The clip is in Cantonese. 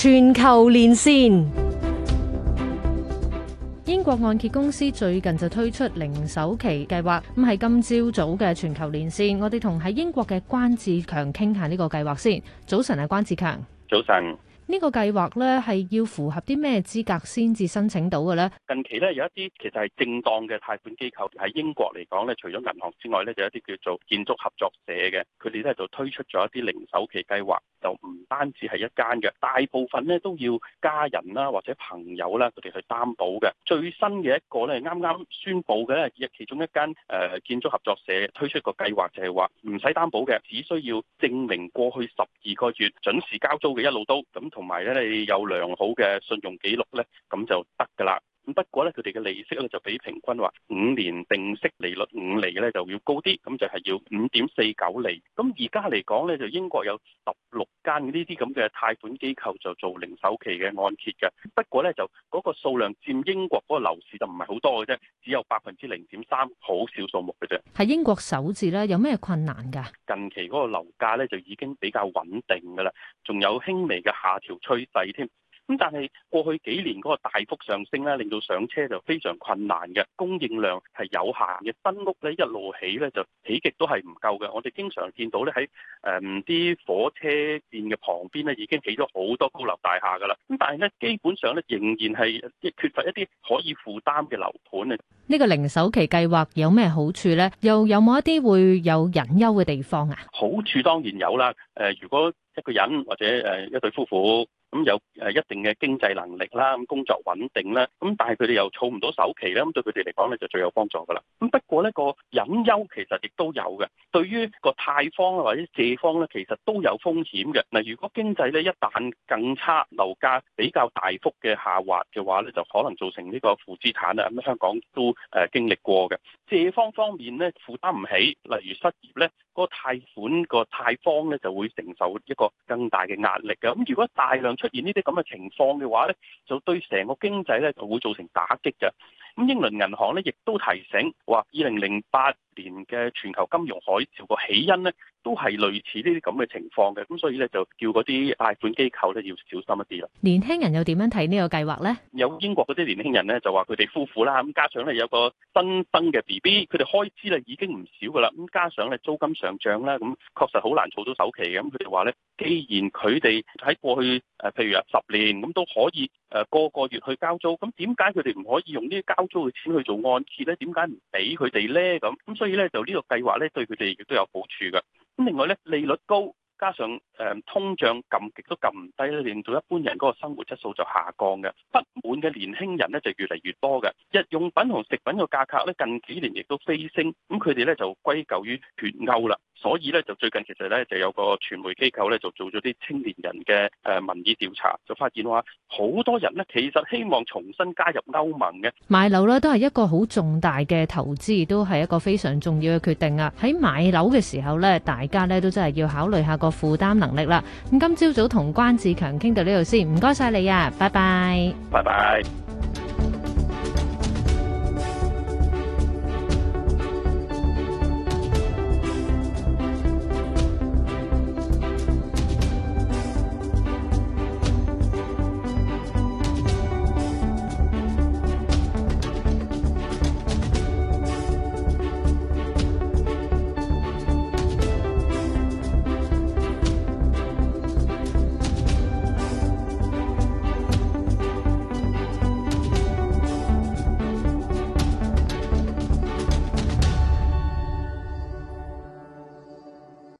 全球連線，英國按揭公司最近就推出零首期計劃，咁係今朝早嘅全球連線，我哋同喺英國嘅關志強傾下呢個計劃先。早晨啊，關志強，早晨。呢個計劃咧，係要符合啲咩資格先至申請到嘅咧？近期咧，有一啲其實係正當嘅貸款機構喺英國嚟講咧，除咗銀行之外咧，就有一啲叫做建築合作社嘅，佢哋咧就推出咗一啲零首期計劃，就唔單止係一間嘅，大部分咧都要家人啦或者朋友啦佢哋去擔保嘅。最新嘅一個咧，啱啱宣佈嘅咧，其中一間誒建築合作社推出個計劃，就係話唔使擔保嘅，只需要證明過去十二個月準時交租嘅，一路都咁。同埋咧，你有良好嘅信用記錄咧，咁就得㗎喇。咁不過咧，佢哋嘅利息咧就比平均話五年定息利率五厘咧就要高啲，咁就係要五點四九厘。咁而家嚟講咧，就英國有十六間呢啲咁嘅貸款機構就做零首期嘅按揭嘅，不過呢，就嗰個數量佔英國嗰個樓市就唔係好多嘅啫，只有百分之零點三，好少數目嘅啫。喺英國首置呢有咩困難㗎？近期嗰個樓價呢就已經比較穩定㗎啦，仲有輕微嘅下調趨勢添。咁但係過去幾年嗰個大幅上升咧，令到上車就非常困難嘅，供應量係有限嘅，新屋咧一路起咧就起亦都係唔夠嘅。我哋經常見到咧喺誒啲火車線嘅旁邊咧，已經起咗好多高樓大廈噶啦。咁但係咧，基本上咧仍然係即係缺乏一啲可以負擔嘅樓盤啊。呢個零首期計劃有咩好處咧？又有冇一啲會有隱憂嘅地方啊？好處當然有啦，呃，如果一個人或者一對夫婦。咁有誒一定嘅經濟能力啦，咁工作穩定啦。咁但係佢哋又儲唔到首期咧，咁對佢哋嚟講咧就最有幫助㗎啦。咁不過呢個隱憂其實亦都有嘅，對於個貸方或者借方咧，其實都有風險嘅。嗱，如果經濟咧一旦更差，樓價比較大幅嘅下滑嘅話咧，就可能造成呢個負資產啊。咁香港都誒經歷過嘅。借方方面咧，負擔唔起，例如失業咧。個貸款、個貸方咧就會承受一個更大嘅壓力嘅，咁如果大量出現呢啲咁嘅情況嘅話咧，就對成個經濟咧就會造成打擊嘅。咁英倫銀行咧亦都提醒話，二零零八年嘅全球金融海潮個起因咧，都係類似呢啲咁嘅情況嘅，咁所以咧就叫嗰啲貸款機構咧要小心一啲啦。年輕人又點樣睇呢個計劃咧？有英國嗰啲年輕人咧就話佢哋夫婦啦，咁加上咧有個新生嘅 BB，佢哋開支咧已經唔少噶啦，咁加上咧租金上漲啦，咁確實好難儲到首期。咁佢哋話咧，既然佢哋喺過去。誒，譬如啊，十年咁都可以，誒個個月去交租，咁點解佢哋唔可以用呢啲交租嘅錢去做按揭呢？點解唔俾佢哋呢？咁咁所以呢，就呢個計劃呢對佢哋亦都有好處㗎。咁另外呢，利率高，加上誒、嗯、通脹撳極都撳唔低呢，令到一般人嗰個生活質素就下降嘅，不滿嘅年輕人呢就越嚟越多嘅。日用品同食品嘅價格呢，近幾年亦都飛升，咁佢哋呢就歸咎於脫歐啦。所以咧，就最近其實咧，就有個傳媒機構咧，就做咗啲青年人嘅誒民意調查，就發現話好多人咧，其實希望重新加入歐盟嘅。買樓咧都係一個好重大嘅投資，都係一個非常重要嘅決定啊！喺買樓嘅時候咧，大家咧都真係要考慮下個負擔能力啦。咁今朝早同關志強傾到呢度先，唔該晒你啊，拜拜，拜拜。